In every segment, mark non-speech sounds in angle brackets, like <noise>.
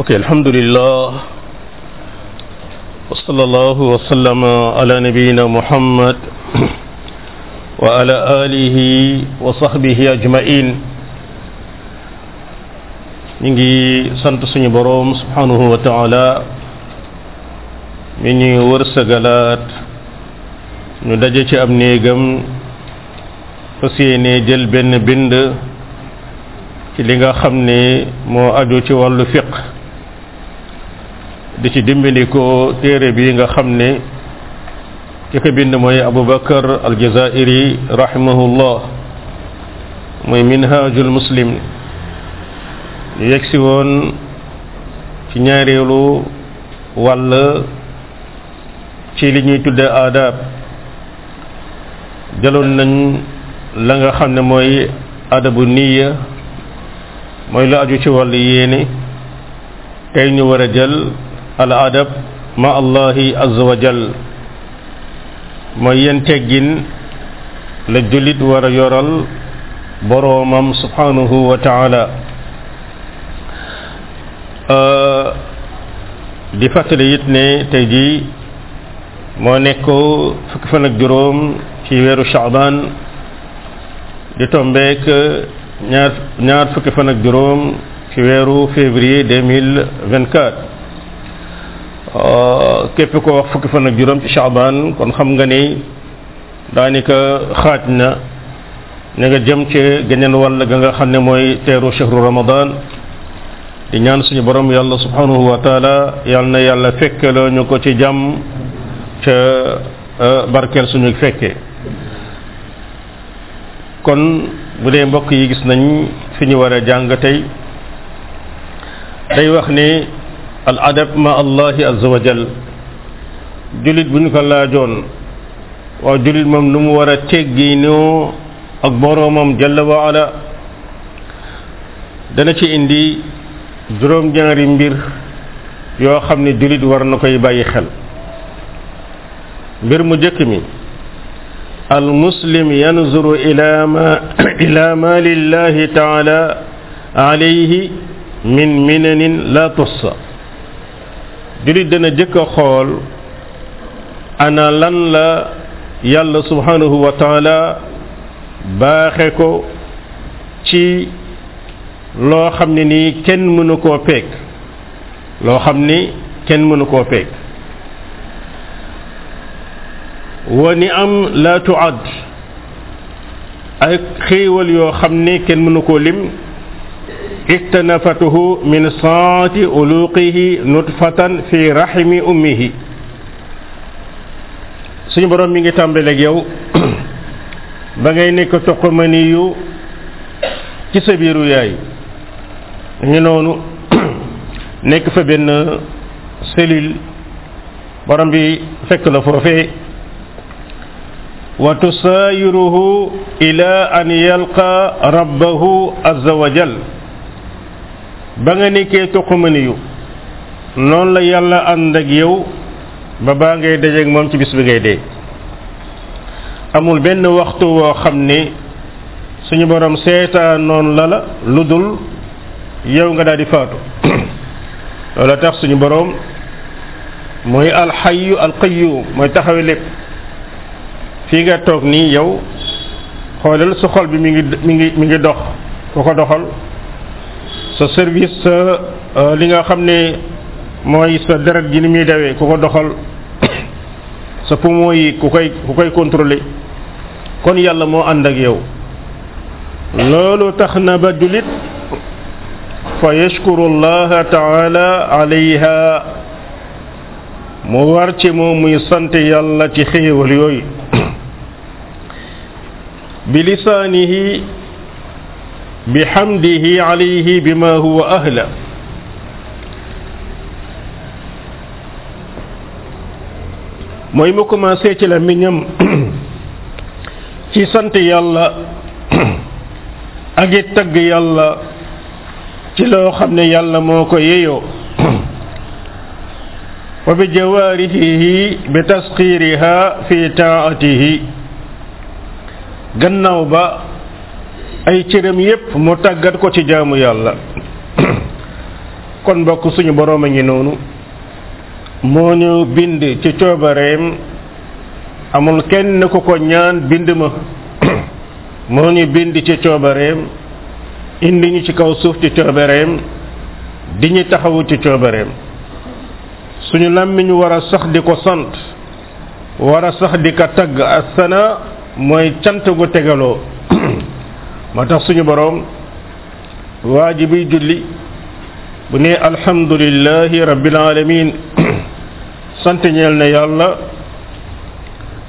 اوكي الحمد لله وصلى الله وسلم على نبينا محمد وعلى اله وصحبه اجمعين نيجي سانت سوني بروم سبحانه وتعالى من ورسغلات نو داجي تي اب نيغم فسيني جيل بن بند ci li nga xam ne di ci ko téere bi nga xam ne ki ko bind mooy Aboubacar Aljazairi rahimahullah mooy minhajul muslim ñu yegsi woon ci ñaareelu wàll ci li ñuy tudde aadab jëloon nañ la nga xam ne mooy adabu niya mooy la aju ci wall yéene tey ñu war a jël الأدب مع الله عز وجل mooy yéen teggin la julit war a yoral boroomam subhanahu wa taala di fàttali it ne tey jii moo nekk fukki fan ak juróom ci weeru chaaban di tombeek ñaar ñaar fukki fan ak juróom ci weeru février 2024 Euh, képp ko wax fukki fan ak juróom ci Chaabaan kon xam nga ni daanaka xaaj na na nga jëm ci geneen wàll ga nga xam ne mooy teeru shahru Ramadan di ñaan suñu borom yàlla subhanahu wa taala na yàlla fekkeloo ñu ko ci jàmm ca euh, barkeel suñu fekke kon bu dee mbokk yi gis nañ fi ñu waree a jàng tey day wax ni. al adab ma allahi azza wa jal jullit bu ñu ko laajoon waaw jullit moom nu mu war a tegginoo ak boroomam jalla wa ala dana ci indi juróom-ñaari mbir yoo xam ne jullit war na koy bàyyi xel mbir mu jëkk mi al muslim yanzuru ila ma ila ma lillahi taala alayhi min minanin la tussa jullit dana jëkk xool ana lan la yàlla subhanahu wa taala baaxe ko ci loo xam ne nii kenn mënu koo peeg loo xam ni kenn mënu koo peeg wa ni am la tuad ay xéewal yoo xam ne kenn mënu koo lim istanafatuhu min saati uluqihi nutfatan fi rahimi ummihi suñu borom mi ngi tàmbaleeg yow ba ngay nekk toqamani yu ci sa biiru yaay ñu noonu nekk fa benn cellule borom bi fekk la foofee wa tusaayiruhu ila an yalqa rabbahu azza wa jal ba nga nekkee tuqumani yu noonu la yàlla ànd ak yow ba baa ngay dajeek moom ci bis bi ngay dee amul benn waxtu woo xam ni suñu boroom seetaan noonu la la lu dul yow nga daal di faatu <clears throat> loola tax suñu boroom mooy alxayu alqayyum mooy taxawe lépp fii nga toog nii yow xoolal su xol bi mi ngi mi ngi mi ngi dox ku ko doxal sa service sa euh, li nga xam ne mooy sa deret ji ni muy dawee ku ko doxal <coughs> sa poumon yi ku koy ku koy contrôler kon yàlla moo ànd ak yow loolu tax na ba jullit fa yashkuru llaha taala alayha mu war ci moom muy sant yàlla ci xéewal yooyu <coughs> bi lisaanihi bihamdihi alayhi bima huwa ahla mooy mu commencé ci la miñam <clears throat> ci sant yàlla <clears throat> ak it tagg ci loo xam ne yàlla moo ko yeyoo <clears throat> wa bi jawaarihi bi tasxiiriha fi taatihi gannaaw ba ay cëram yépp mu tàggat ko ci jaamu yàlla <clears throat> kon mbokk suñu boroom a ngi noonu moo ñu bind ci coobareem amul kenn ku ko ñaan bind ma <clears throat> moo ñu bind ci coobareem indi ñu ci kaw suuf ci coobareem di ñu taxawu ci coobareem suñu làmmiñ war a sax di ko sant wara a sax di ko tagg asana mooy cant gu tegaloo moo tax suñu boroom waa ji buy julli bu ne alhamdulillahi rabbil alamin <clears throat> sant ñeel ne yàlla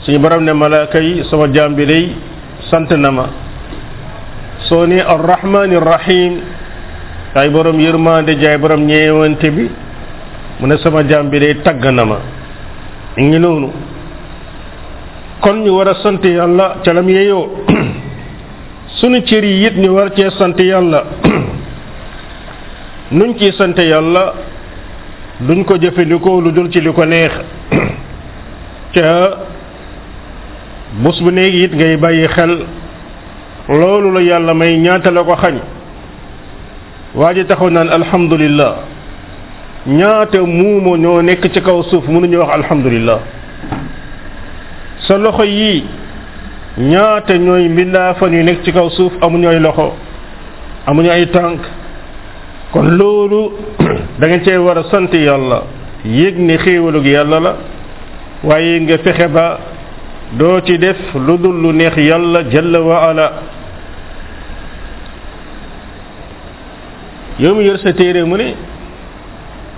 suñu boroom ne malaaka sama jaam sant na ma soo ne arrahmani rahim yaay boroom yërmande jaay boroom ñeewante bi mu ne sama jaam tagg na ma ngi noonu kon ñu war sant yàlla ca lam <clears throat> sunu cër yi it ñu war cee sant yàlla <clears throat> nuñ ciy sant yàlla duñ ko jëfandikoo lu dul ci li ko neex <clears throat> ca bés bu néegi it ngay bàyyi xel loolu la yàlla may ñaata la ko xañ waa ji taxaw naan alhamdulillah ñaata muumo ñoo nekk ci kaw suuf mënuñu wax alhamdulillah sa loxo yii ñaata ñooy mbindaafan yu nekk ci kaw suuf amuñu ay loxo amuñu ay tànk kon loolu <clears throat> da nga war a sant yàlla yëg ni xéewalug yàlla la waaye nga fexe ba doo ci def lu dul lu neex yàlla jalla wa ala yow mi yor sa téere mu ne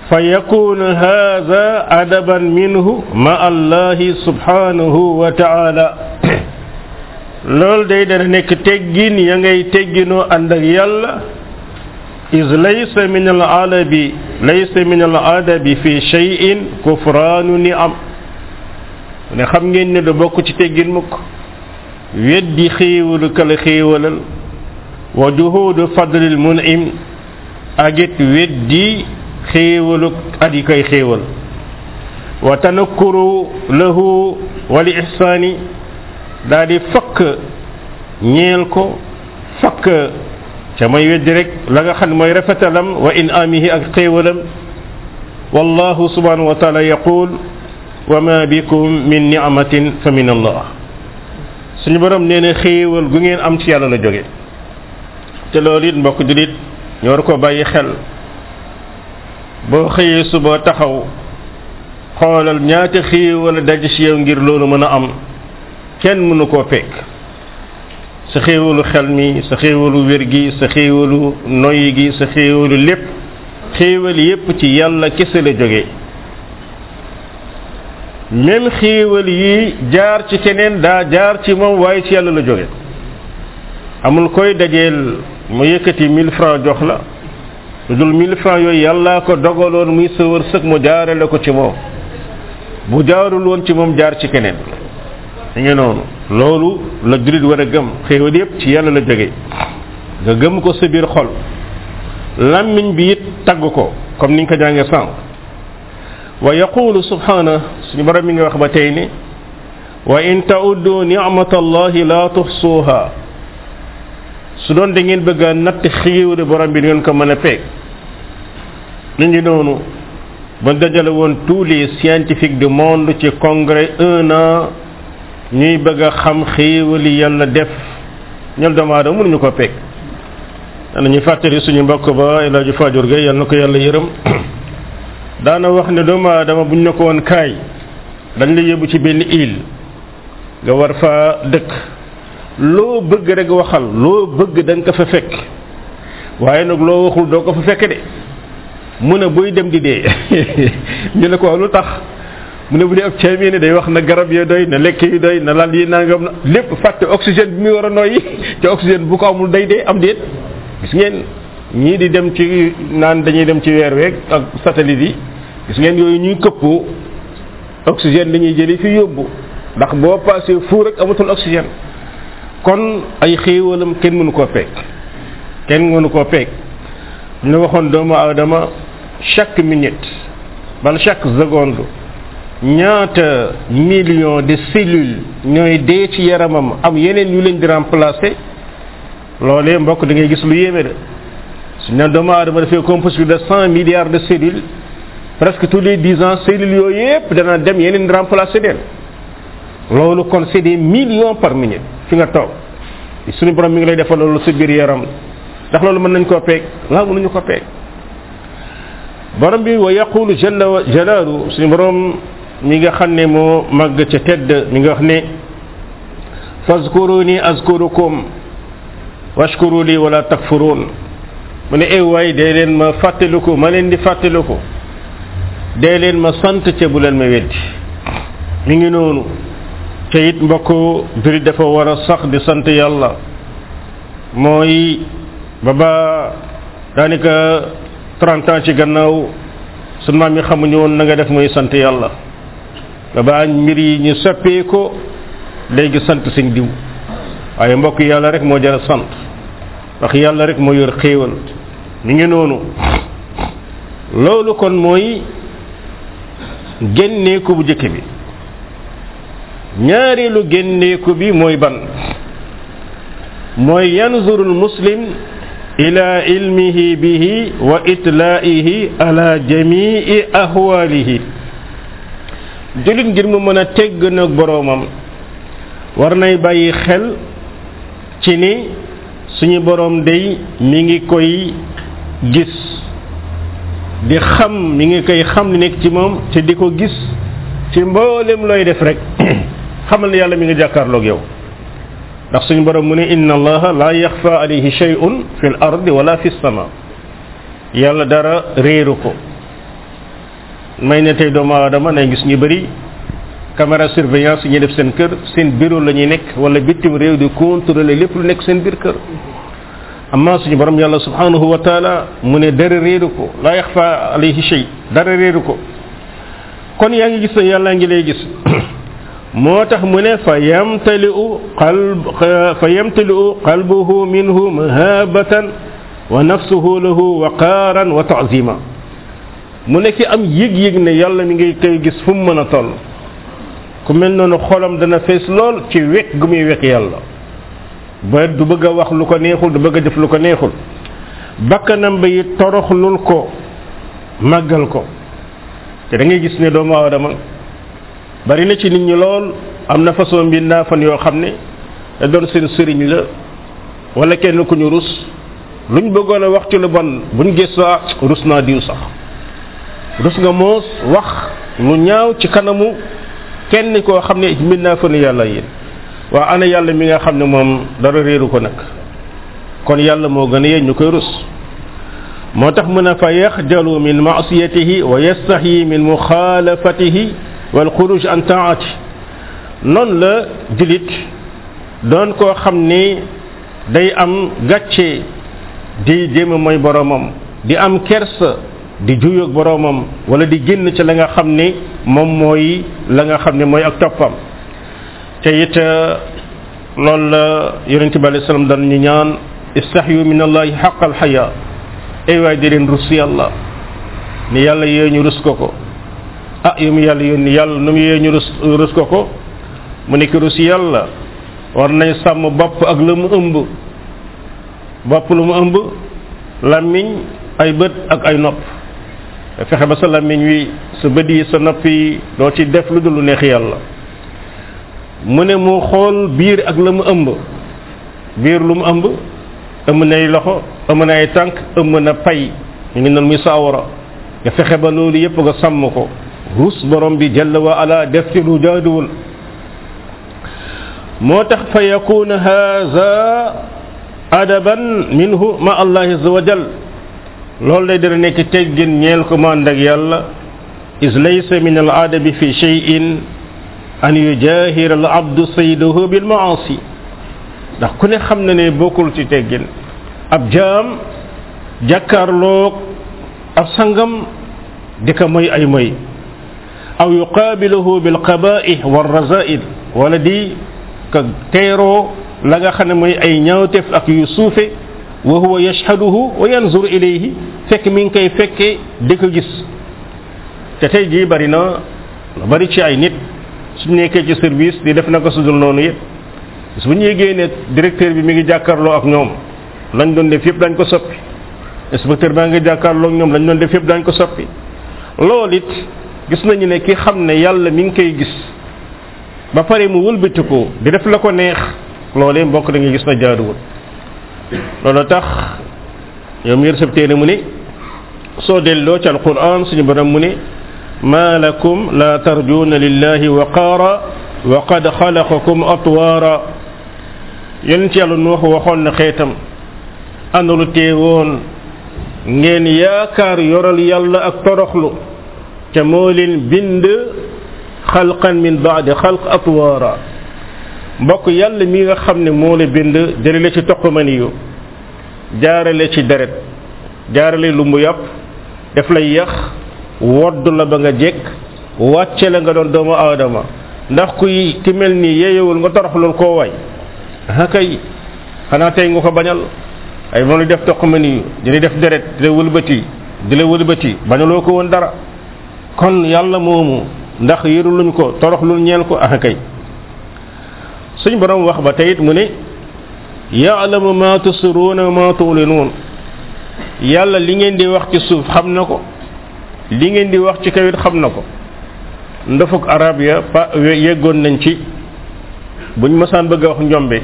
fa yakun haada adaban minhu ma allahi subhanahu wa taala <clears throat> loolu day dana nekk teggin ya ngay tegginoo ànd ak yàlla is laysa min al adabi laysa min al adabi fi cheyin kufraanu ni am ne xam ngeen ne du bokk ci teggin mukk weddi xéewalu kala xéewalal wa juhudu fadlil munim agit weddi xéewalu at yi koy xéewal wa tanakkuru lahu wali ihsaani daa di fakk ñeel ko fakk ca may weddi la nga xam ne mooy rafetalam wa in amihi ak xéewalam wallahu subhanahu wa taala yaqul wa ma bikum min ni'matin fa min allah suñu borom nee na xéewal ngeen am ci la jóge te loolu it mbokk julit ko bàyyi xel boo xëyee suba taxaw xoolal ñaata xéewal daj ci yow ngir loolu mën a am kenn mënu koo fekk sa xéewalu xel mi sa xéewalu wér gi sa xéewalu noyyi gi sa xéewalu lépp xéewal yépp ci yàlla kese la jóge même xéewal yi jaar ci keneen daa jaar ci moom waaye ci yàlla la jóge amul koy dajeel mu yëkkati mille francs jox la lu dul 1000 francs yooyu yàllaa ko dogaloon muy sa wërsëg mu jaare ko ci moom bu jaarul woon ci moom jaar ci keneen mi ngi loolu la jullit war a gëm xéewal yépp ci yàlla la jóge nga gëm ko sa biir xol làmmiñ bi it tagg ko comme niñ ko jàngee sànq wa yaqulu subhaana suñu borom mi nga wax ba tey ni wa in ta'uddu ni'matallahi la tuhsuha su doon da ngeen bëgg a natt xéewali borom bi di ngeen ko mën a peeg mi ngi noonu ba dajale woon tous les scientifiques du monde ci congrès un ñuy bëgg a xam xéewali yàlla def ñel doomu aadama mënuñu ko pekk danañu fàttali suñu mbokk ba El Hadj Fadior Gueye na ko yàlla yërëm <coughs> daana wax ne doomu aadama buñ ne ko woon kaay dañ la yóbbu ci benn île nga war fa dëkk loo bëgg rek waxal loo bëgg da ko fa fekk waaye nag loo waxul doo ko fa fekk de mu ne buy dem di dee <laughs> ñu ne ko lu tax mu ne bu dee ab caamee ne day wax na garab yee doy na lekk yi doy na lal yi nangam na lépp fàtte oxygène bi muy war a nooyi te oxygène bu ko amul day dee am déet gis ngeen ñii di dem ci naan dañuy dem ci weer week ak satellite yi gis ngeen yooyu ñuy këppoo oxygène dañuy jëli fi yóbbu ndax boo passé fu rek amatul oxygène kon ay xéewalam kenn mënu koo peeg kenn mënu koo peeg ñu waxoon doomu aadama chaque minute ban chaque seconde ñaata million de cellules ñooy dee ci yaramam am yeneen yu leen di remplacer loolee mbokk da ngay gis lu yéeme de suñ ne doomu aadama dafay de cent milliards de cellules les dix ans cellules dem yeneen remplacer leen loolu kon c'est des millions par minute fi nga toog suñu borom mi ngi lay defal loolu sa biir yaram ndax loolu mën nañ koo peeg laa mënuñu ko peeg borom bi wa yaqulu jalla jalaalu suñu borom mi nga xam ne moo màgg ca tedd mi nga wax ne fazkuruni azkurukum washkuru li wala takfurun mu ne ew eh waay dee leen ma fàttaliku ma leen di fàttaliku dee leen ma sant ca bu leen ma weddi mu ngi noonu ca it mbokku juri dafa war a sax di sant yàlla mooy ba ba daanaka 30 ci gannaaw sun maam yi xamuñu woon na nga def mooy sant yàlla ba mbir yi ñu soppee léegi sant seen diw waaye mbokk yàlla rek moo jar a sant ndax yàlla rek moo yor xéewal ñu ngi noonu loolu kon mooy génneeku bu jëkk bi ñaareelu génneeku bi mooy ban mooy yanzuru almuslim ila ilmihi bihi wa itlaihi ala jamii ahwalihi jullit ngir mu mën a tegg nag boroomam war nay bàyyi xel ci ni suñu boroom day mi ngi koy gis di xam mi ngi koy xam li nekk ci moom te di ko gis ci mboolem looy def rek <coughs> xamal ne yàlla mi ngi jàkkaarloog yow ndax suñu boroom mu ne inna allaha la yaxfa alayhi shay'un fi ard wala fi sama yàlla dara réeru ko may ne tey doom aadama nay gis ñu bëri caméra surveillance yi ñuy def seen kër seen bureau la ñuy nekk wala bitim réew di contrôler lépp lu nekk seen biir kër amma suñu borom yàlla subhanahu wa mu ne dara réeru ko laa yaxfa alayhi shay dara réeru ko kon yaa ngi gis ne yàlla ngi lay gis <coughs> moo tax mu ne fa yamtaliu qalb fa yamtaliu qalbuhu minhu mahabatan wa nafsuhu lahu waqaaran wa mu nekk am yëg-yëg ne yàlla mi ngay koy gis fu mu mën a toll ku mel noonu xolam dana fees lool ci wekk gu muy wekk yàlla ba du bëgg a wax lu ko neexul du bëgg a def lu ko neexul bakkanam ba yi toroxlul ko màggal ko te dangay gis ne doomu aadama bari na ci nit ñi lool am na façon bi naa yoo xam ne da doon seen sëriñ la walla kenn ku ñu rus luñ bëggoon a wax ci lu bon buñ gëstoo ah, rus naa diw sax rus nga moos wax lu ñaaw ci kanamu kenn koo xam ne mën naa fën yàlla yéen waa ana yàlla mi nga xam ne moom dara réeru ko nag kon yàlla moo gën a yéen ñu koy rus moo tax mën a fa yaxjalu min maasiyatihi wa yastahi min muxaalafatihi wal xuruj an taati noon la jullit doon koo xam ni day am gàcce di jéem a mooy boromam di am kersa di juyoog boroomam wala di génn ci la nga xam ni moom mooy la nga xam ne mooy ak toppam te it euh, loolu la yonente bi alayhi salaam daan ñu ñaan istahyu min allahi xaqal xaya ay waay di leen rus yàlla ni yàlla yee ñu rus ko ko ah yu mu yàlla yónni yàlla nu mu yee ñu rus rus ko ko mu nekk rus yàlla war nañ sàmm bopp ak lu mu ëmb bopp lu mu ëmb làmmiñ ay bët ak ay nopp fexe ba sa làmmiñ wi sa bët sa nopp doo ci def lu dul lu neex yàlla mu ne mu xool biir ak la mu ëmb biir lu mu ëmb ëmb nay loxo ëmb na ay ëmb na pay ñu ngi noonu muy saawara nga fexe ba loolu yépp nga sàmm ko rus borom bi jalla wa ala def ci lu jaaduwul moo tax fa yakuna haza adaban minhu ma allah azza wa jal loolu day dana nekk teggin ñeel ko mànd yàlla is laysa min al adabi fi cheyin an yujahira al abdu saydahu bil maasi ndax ku ne xam na ne bokkul ci teggin ab jaam jàkkaarloog ab sangam di ko moy ay moy aw yuqaabiluhu bil qabaih war razaid wala di ka teeroo la nga xam ne mooy ay ñaawteef ak yu suufe wa huwa yashhaduhu wa yanzur ilayhi fekk mi ngi koy fekkee di ko gis te tey jii bari na lu bari ci ay nit suñ nekkee ci service di def na ko sudul noonu yëpp su bu ñu yëgee ne directeur bi mi ngi jàkkaarloo ak ñoom lañ doon def yëpp dañ ko soppi inspecteur baa ngi jàkkaarloo ak ñoom lañ doon def yëpp dañ ko soppi lool it gis nañu ne ki xam ne yàlla mi ngi koy gis ba pare mu wëlbatiku di def la ko neex loolee mbokk da gis na jaaduwul loolu tax ñoom yër sab téere muni so soo ci alquran suñu borom muni ne ma lakum la tarjuna lillahi wa qara wa qad khalaqakum atwara yen ci yàlla no waxon na xetam andalu teewon ngeen yaakar yoral yàlla ak toroxlu te moo bind xalqan min baadi xalq atwara mbokk yàlla mi nga xam ne moo la bind jële la ci toqamani yu jaarale ci deret jaarale lu mu yàpp def lay yax wodd la ba nga jekk wàcce la nga doon doomu aadama ndax kuy ki mel nii yeeyewul nga toroxlul koo way hakay xanaa tey nga ko bañal ay moom la def toqamani yu dina def deret di la wëlbati di la wëlbati bañaloo ko woon dara kon yàlla moomu ndax luñ ko toroxlul ñeen ko hakay suñ borom wax ba teyit mu ne yaalamu ma tusiruuna ma tuulinuun yàlla li ngeen di wax ci suuf xam na ko li ngeen di wax ci kawit xam na ko ndafuk arab ya pa yeggoon nañ ci buñ masaan bëgg a wax njombe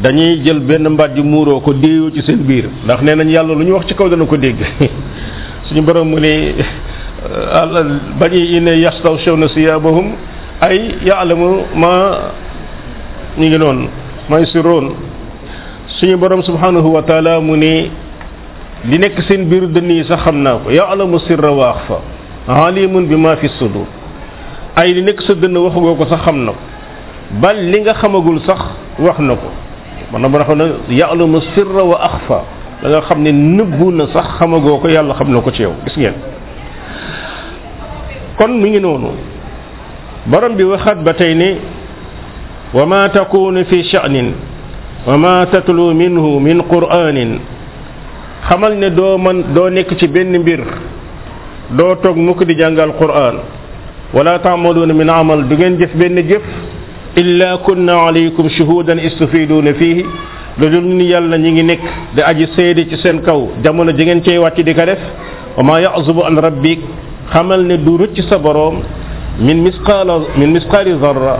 dañuy jël benn mbaat yu muuroo ko déeyoo ci seen biir ndax nee nañ yàlla lu ñu wax ci kaw dana ko dégg <laughs> suñu borom mu ne bañu ine yastaw shawna siyaabahum ay yaalamu ma ñu ngi noonu may siroon suñu borom subhanahu wa taala mu ne li nekk seen biir dënn yi sax xam naa ko yaalamu sirra waax fa bi ma fi li nekk sa waxagoo ko sax xam na ko bal li nga xamagul sax wax na ko man na ba xam ne yaalamu sirra xam ne nëbbu na sax xamagoo ko yàlla xam na ko ci yow gis ngeen kon mi ngi noonu borom bi waxaat ba tey ne وما تكون في شأن وما تتلو منه من قرآن خمال ندو من دو نكتي بن بير دو توك موك دي القرآن ولا تعملون من عمل دوغن جف بن جف إلا كنا عليكم شهودا استفيدون فيه لدن يالا نيغي نيك دي اجي سيدي تي سن كاو جامونا جيغن تي واتي دي كاريف وما يعزب عن ربك خمال ندو رتش سبروم من مسقال من مسقال ذره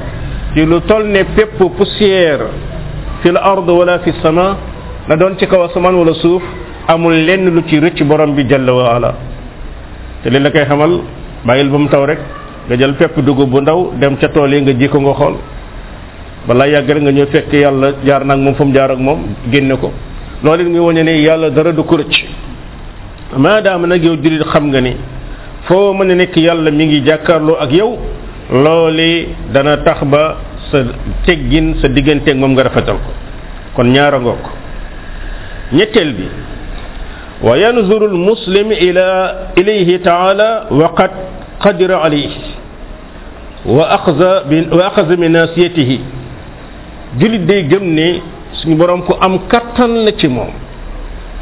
ci lu toll ne pépp poussière fi la ard wala fi sama na doon ci kaw asamaan wala suuf amul lenn lu ci rëcc borom bi jalla wa ala te li la koy xamal bàyyil ba mu taw rek nga jël pépp dugub bu ndaw dem ca tool yi nga ji ko nga xool balaa yàgg rek nga ñëw fekk yàlla jaar nag moom fa mu jaar ak moom génne ko loolu it muy wane ne yàlla dara du ko rëcc maadaama nag yow jullit xam nga ni foo mën a nekk yàlla mi ngi jàkkaarloo ak yow looli dana tax ba sa teggin sa digganteeg moom nga rafetal ko kon ñaara ngoog ñetteel bi wa yanzuru al muslim ila ilayhi taala wa qad qadira alayhi wa axza bi wa axza bi nasiyatihi jullit day gëm ne suñu boroom ko am kattan la ci moom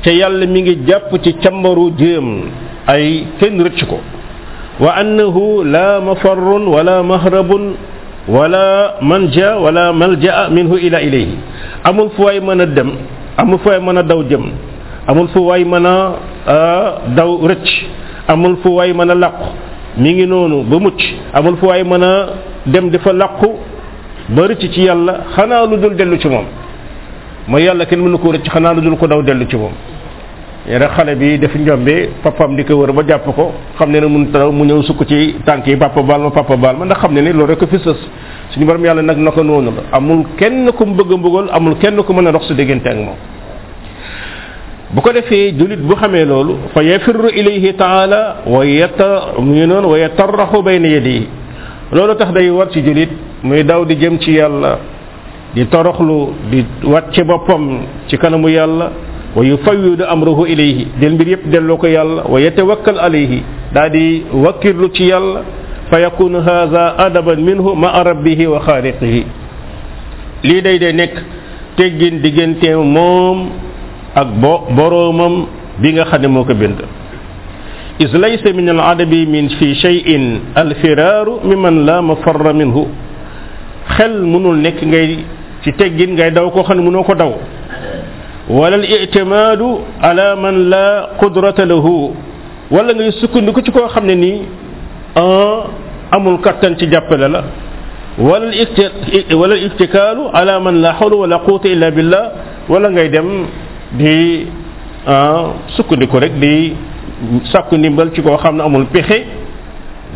te yàlla mi ngi jàpp ci càmbaru jéem ay kenn rëcc ko wa annahu la mafarrun wala mahrabun wala manja wala malja'a minhu ila ilayhi amul fu waay mën a dem amul fu waay mën a daw jëm amul fu waay mën a daw rëcc amul fu waay mën a làqu mi ngi noonu ba mucc amul fu waay mën a dem di fa làqu ba rëcc ci yàlla xanaa lu dul dellu ci moom mooy yàlla kenn mënu ko rëcc xanaa lu dul ko daw dellu ci moom nee xale bi def njombe papam di ko wër ba jàpp ko xam ne ne mun taraw mu ñëw sukk ci tànk yi papa baal ma papa baal ma ndax xam ne ni loolu rek ko fi sës suñu borom yàlla nag na noonu la amul kenn ku mu bëgg a bëggoon amul kenn ku mën a dox su diggante ak bu ko defee julit bu xamee loolu fa yafirru ilayhi taala wa yata mu ngi noonu bay yatarraxu bayna di loolu tax day war ci julit muy daw di jëm ci yàlla di toroxlu di wàcce boppam ci kanamu yàlla wa yufawidu amruhu ilayhi jël mbir yëpp delloo ko yàlla wa yatawakkal alayhi daa di wakkirlu ci yàlla fa yakunu hadha adaban minhu ma rabbihi wa xaaliqihi lii day day nekk teggin diggante moom ak bo boroomam bi nga xam ne moo ko bind is laysa min al adabi min fi cheyin alfiraaru mimman la mafarra minhu xel mënul nekk ngay ci teggin ngay daw koo xam ne mënoo ko daw wala al ictimaadu ala man la qudrata lahu wala ngay sukkandiku ci koo xam ne nii ah, amul kattan ci jàppale la wala wala al ittikaalu ala man la xawla wala quwata illa billah wala ngay dem di ah, sukkandiku rek di sàkku ndimbal ci koo xam ne amul pexe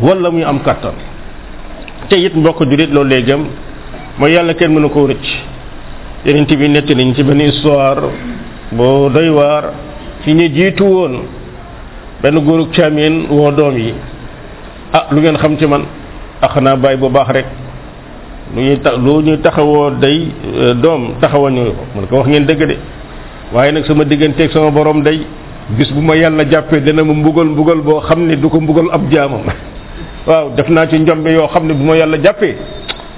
wala muy am kattan te it mbokk julit loolu léegam mooy yàlla kenn mënu koo rëcc yonent bi nett nañ ci ben histoire ah, bo doy war ci ñu jiitu woon benn góorug chamien wo dom yi ah lu ngeen xam ci man akhna bay bu baax rek lu ñi tax lu ñi taxawoo day dom taxawañu ko mun ko wax ngeen deug de waye nak sama ak sama borom day bis bu ma yalla jappé dana mu mbugal mbugal bo xamni ne du ko mbugal ab jaamam <laughs> waaw def na ci njombe yoo xam bu ma yalla jappé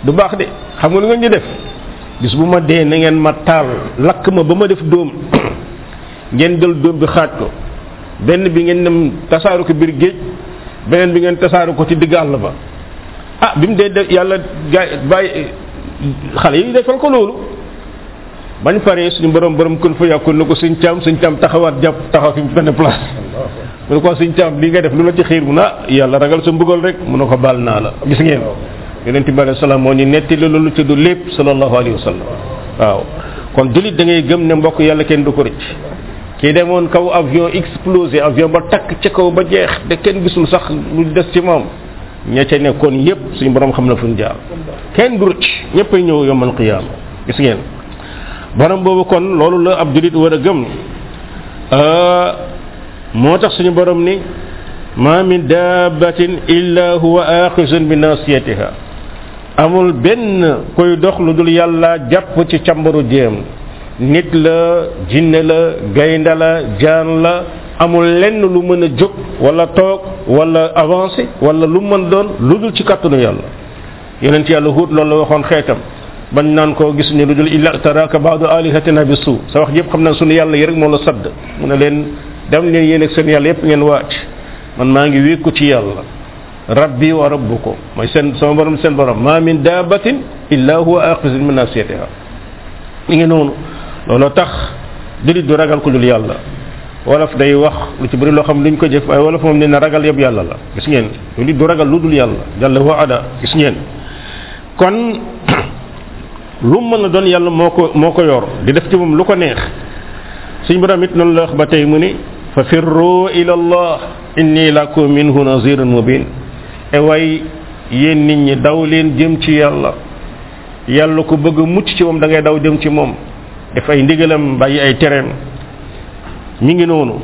du baax de xam nga lu ngeen def bis bu ma dee na ngeen ma taal lakk ma ba ma def dóom <coughs> ngeen jël bingin bi xaaj ko benn bi ngeen nem tasaaru ko biir géej beneen bi ngeen tasaaru ko ci digg àll ba ah bim mu dee yàlla gaay bàyyi xale yi defal ko loolu bañ paree suñu borom borom kun fa yàkkoon na ko suñ caam suñ caam taxawaat jàpp taxaw fi benn place mu ne ko suñ caam li nga def lu ci xiir mu na ah, yàlla ragal sa mbugal rek mu ne la gis ngeen yonent bi alayhi salaam moo ñu netti lolu lu tudd lepp sallallahu alaihi wasallam waaw kon julit da ngay gem ne mbokk yalla ken du ko rëcc ki demone kaw avion explosé avion ba tak ci kaw ba jeex de ken gisul sax lu dess ci mom ña ca nekkoon yépp suñu borom xam na fuñu jaar ken du rëcc ñëppay ñëw yombal qiyam gis ngeen borom bobu kon lolu la ab julit wara gem euh ah, motax suñu borom ni ma min dabbatin illa huwa aqizun bi nasiyatiha amul benn kuy dox lu dul yàlla jàpp ci càmbaru jéem nit la jinne la gaynde la jaan la amul lenn lu mën a jóg wala toog wala avancé wala lu mën doon lu dul ci kàttanu yàlla ci yàlla huut loolu la waxoon xeetam bañ naan koo gis ñu lu dul illa taraka baadu alihatina bi suu sa wax yëpp xam naa sunu yàlla yi rek moo la sadd mu ne leen dem leen yéen ak seen yàlla yëpp ngeen waaj man maa ngi wékku ci yàlla rabbi wa rabbukum mooy seen sama borom seen borom ma min daabatin illa huwa aqizun min nasiyatiha mi ngi noonu tax jullit du ragal ku dul yàlla wolof day wax lu ci bëri loo xam luñ ko jëf waaye wolof moom ragal yëpp yàlla la gis ngeen jullit du ragal lu dul yàlla yàlla waada gis ngeen kon <clears throat> lu mën a doon yàlla moo ko moo yor di def ci moom lu ko neex suñ borom it noonu la ba tey mu ni fa firru ila allah inni lakum minhu nazirun mubin eway yéen nit ñi daw leen jëm ci yàlla yàlla ko bëgg mucc ci moom da ngay daw jëm ci moom def ay ndigalam bàyyi ay tereem mi ngi noonu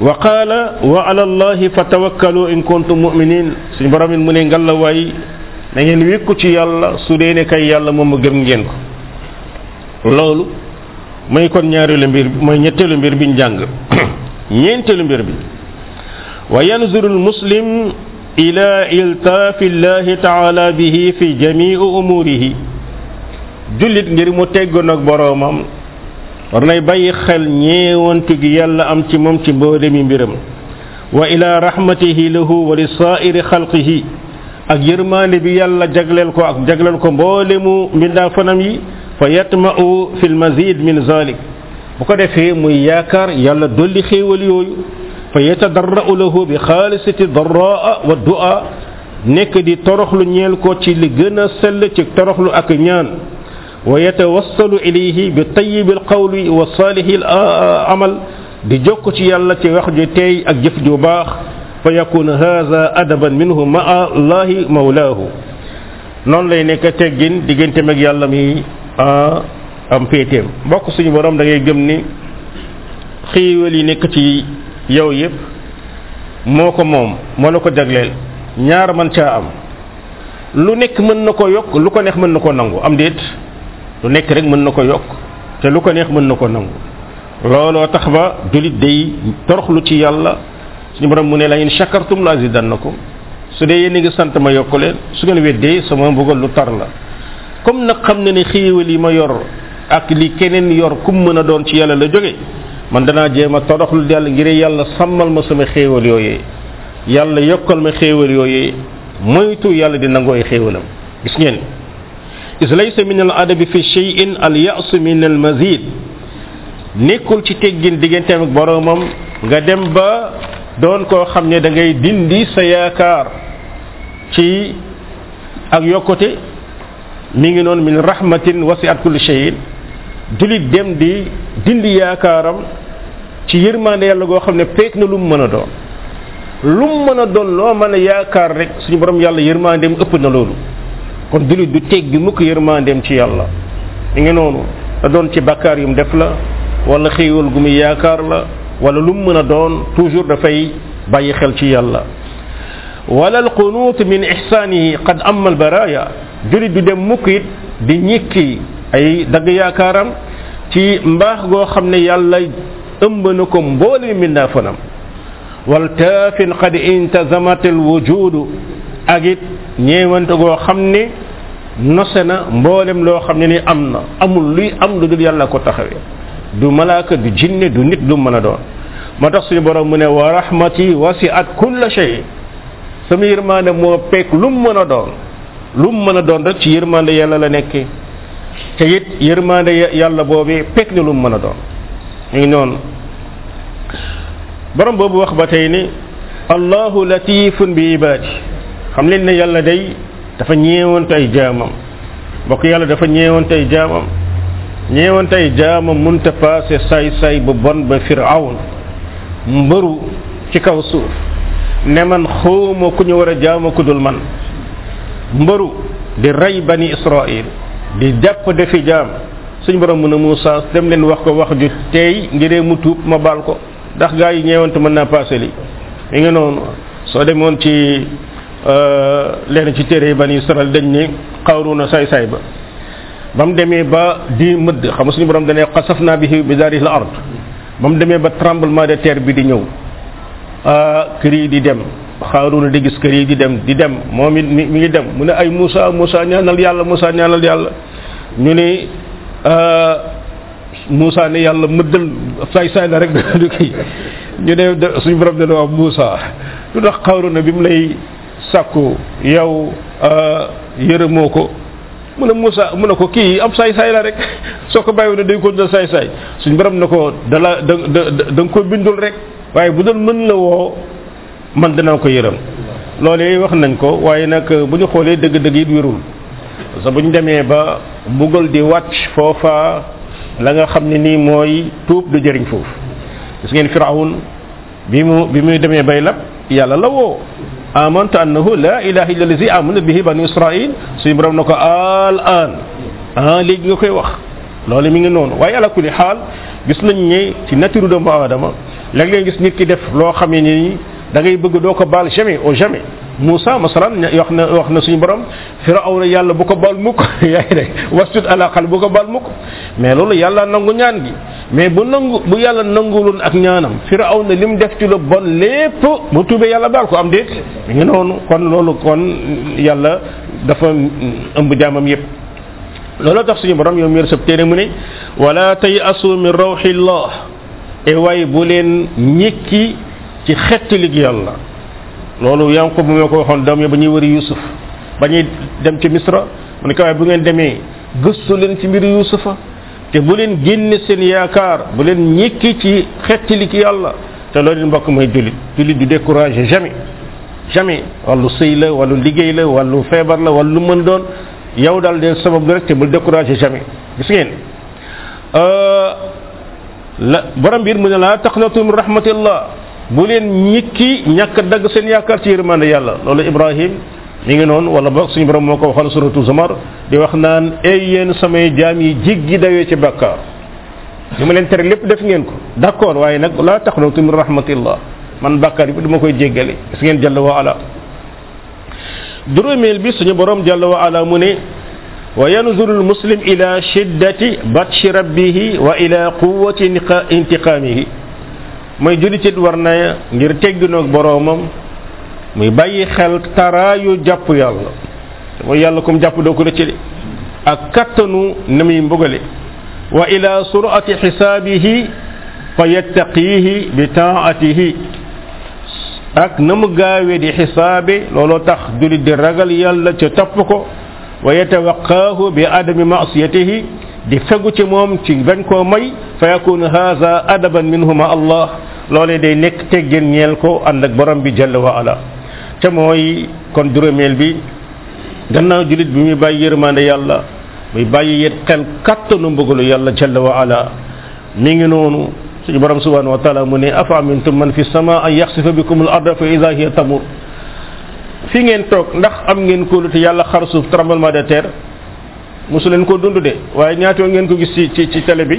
wa qaala wa ala allahi fa tawakkalu in kuntum muminin suñu borom it mu ne ngalla waay na ngeen wékku ci yàlla su dee ne kay yàlla moom ma gëm ngeen ko loolu mooy kon ñaareelu mbir mooy ñetteelu mbir bi ñu <coughs> ñeenteelu mbir bi wa yanzuru al muslim إلى إلتاف الله تعالى به في جميع أموره جلت غير متغن برامم ورني باي خل نيون تي يالا ام تي موم تي بودمي ميرم والى رحمته له ولسائر خلقه اك يرمان بي يالا جاغلل كو اك جاغلل كو مبولمو من دا فنام يي فيتما في المزيد من ذلك بوكو ديفي مو ياكار يالا دولي خيول يوي fa yatadarra'u lahu bi xaalisati darraa wa du'a nekk di toroxlu ñeel ko ci li gën a sell ci toroxlu ak ñaan wa yatawassalu ilayhi bi tayyibil qawli wa saalihil amal di jokk ci yàlla ci wax ju teey ak jëf ju baax fa yakun haza adaban minhu maa allahi mawlaahu noonu lay nekk teggin digganteem ak yàlla mi am féeteem mbokk suñu borom da ngay gëm ni xéewal yi nekk ci yow yëpp moo ko moom moo la ko jagleel ñaar man caa am lu nekk mën na ko yokk lu ko neex mën na ko nangu am déet lu nekk rek mën na ko yokk te lu ko neex mën na ko nangu looloo tax ba jullit day toroxlu ci yàlla suñu borom mu ne la in dan na ko su dee yéen a ngi sant ma yokk leen su ngeen weddee sama mbugal lu tar la comme nag xam na ne xéewal yi ma yor ak li keneen yor kum mën a doon ci yàlla la jóge man danaa jéem a toroxlu dell ngir yàlla sàmmal ma sama xéewal yooyee yàlla yokkal ma xéewal yooyee moytu yàlla di nangoo ay xéewalam gis ngeen is laysa min adabi fi cheyin al min al nekkul ci teggin digganteem ak boroomam nga dem ba doon koo xam ne dangay ngay dindi sa yaakaar ci ak yokkute mi ngi noon min rahmatin wasi'at kulli cheyin jullit dem di dindi yaakaaram ci yërmande yàlla goo xam ne peeg na lu mu mën a doon lu mën a doon loo mën a yaakaar rek suñu borom yàlla yërmandeem ëpp na loolu kon jullit du teggi mukk yërmandeem ci yàlla mi ngi noonu doon ci bakkaar yu mu def la wala xéewal gu muy yaakaar la wala lu mu mën a doon toujours dafay bàyyi xel ci yàlla walla wala alqunuut min ihsaanihi qad amma albaraya jullit du dem mukk it di ñikki ay dagg yaakaaram ci mbaax goo xam ne yàlla ëmb na ko mboole mindaa fanam wal taafin qad intazamat al wujudu ak it ñeewante goo xam ne nose na mboolem loo xam ne ni am na amul luy am lu dul yàlla ko taxawee du malaaka du jinne du nit lu mën a doon ma tax suñu borom mu ne wa rahmati wasi'at kulla shay sama yërmaande moo peeg lu mu mën a doon lu mën a doon rek ci yërmaande yàlla la nekkee te it yërmande yàlla boobu pekk na lu mu mën a doon ñu ngi noonu borom boobu wax ba tey ni allahu latifun bi ibaadi xam leen ne yàlla day dafa ñeewante ay jaamam mbokk yàlla dafa ñeewante ay jaamam ñeewante ay jaamam munta paase saay-saay bu bon ba firawn mbëru ci kaw suuf ne man xawma ku ñu war a jaama ku dul man mbëru di rey bani israil di jàpp defi jaam suñ borom mën a Moussa dem leen wax ko wax ju teey ngiree mutu tuub ma baal ko ndax gaa yi ñeewante mën naa paase li mi ngi soo demoon ci euh, leen ci téere bani Israël dañ ni na saay saay ba ba mu demee ba di mëdd xam suñu borom dane xasaf naa bi bi daari la ard ba mu demee ba tremblement de terre bi di ñëw ah, kër yi di dem xaaruna de gis kër yi di dem di dem moom it mi ngi dem mu ne ay Moussa Moussa ñaanal yàlla Moussa ñaanal yàlla ñu ni ah, Moussa ne yàlla mëddal saay saay la rek <laughs> borom dana wax Moussa lu tax xaaruna bi mu lay sàkku yow ah, yërëmoo ko mu ne mu ne ko kii am saay saay la rek <laughs> soo ko bàyyiwoon ne day ko dal saay saay suñu borom ne ko bindul rek waaye bu doon mën na woo. man danaa ko yërëm loolee wax nañ ko waaye nag bu ñu xoolee dëgg-dëgg it wérul parce bu ñu demee ba mbugal di wàcc foofa la nga xam ni nii mooy tuub du jëriñ foofu gis ngeen firawun bi mu bi muy demee bay lab yàlla la woo amantu annahu la ilaha illa allazi amana bihi banu israil suñu borom na ko al an ah nga koy wax loole mi ngi noonu waaye ala kulli xaal gis nañ ne ci nature doomu aadama léeg-léeg gis nit ki def loo xam ne nii da ngay bëgg doo ko baal jamais au jamais Moussa masalan wax na wax na suñu borom firaw na yàlla bu ko bal muko <laughs> yaay rek wastud ala xal bu ko bal muko mais loolu yàlla nangu ñaan gi mais bu nangu bu yàlla nangulun ak ñaanam firaw na lim def ci lu bon lepp mu tuube yàlla bal ko am deet mi ngi noonu kon loolu kon yàlla dafa ëmb jaamam yépp loolu tax suñu borom yow mir sab téere mu ne wala tayasu min rawxillah e eh way bu len ñikki ci xettalik yàlla loolu yanqub mi ko waxon dam ya bañi ñuy wëri yusuf bañi dem ci misra mu ne bu ngeen demé gëstu leen ci mbir yusufa te bu leen genn seen yaakar bu leen ñekki ci xettalik yàlla te lolu mbokk mooy julit julit du décourager jamais jamais walu sëy la wàllu liggéey la walu febar la walu mën doon yow dal de sabab rek te bu décourager jamais gis ngeen euh la borom bir mu ne la taqnatu min rahmatillah bu leen ñikki ñàkk dagg seen yaakaar ci yërmande yàlla loolu ibrahim mi ngi noonu wala boog suñu borom moo ko waxoon suratu zumar di wax naan ay yéen samay jaam yi jiggi dawee ci bàkkaar li leen tere lépp def ngeen ko d'accord waaye nag laa taqnatu min rahmatillah man bàkkaar yi dama koy jéggale gis ngeen jàll wa ala juróomeel bi suñu borom jàll wa ala mu ne wa yanzuru al muslim ila shiddati batshi rabbihi wa ila quwwati mooy jullit it war na ngir tegginoog boroomam muy bàyyi xel taraayu jàpp yàlla mooy yàlla comme jàpp doo ko rëcc de ak kattanu ni muy wa ila surati xisaabihi fa yattaqihi bi taatihi ak na di xisaabi looloo tax jullit di ragal yàlla ca topp ko wa yatawaqaahu bi adami masiyatihi di fegu ci moom ci bañ koo may fa yakunu haza adaban minhuma allah loolee day nekk teggeen ñeel ko ànd ak borom bi jalla wa ala te mooy kon juróomeel bi gannaaw jullit bi muy bàyyi yërmande yàlla muy bàyyi yet xel kàttanu mbëggalu yàlla jalla wa ala mi ngi noonu suñu borom subhanahu wa taala mu ne afa amintum man fi sama an yaxsifa bikum al arda fa ida hiya tamur fi ngeen toog ndax am ngeen kóolute yàlla xar suuf tremblement de terre musulen ko dundu de waaye ñaatoo ngeen ko gis ci ci ci télé bi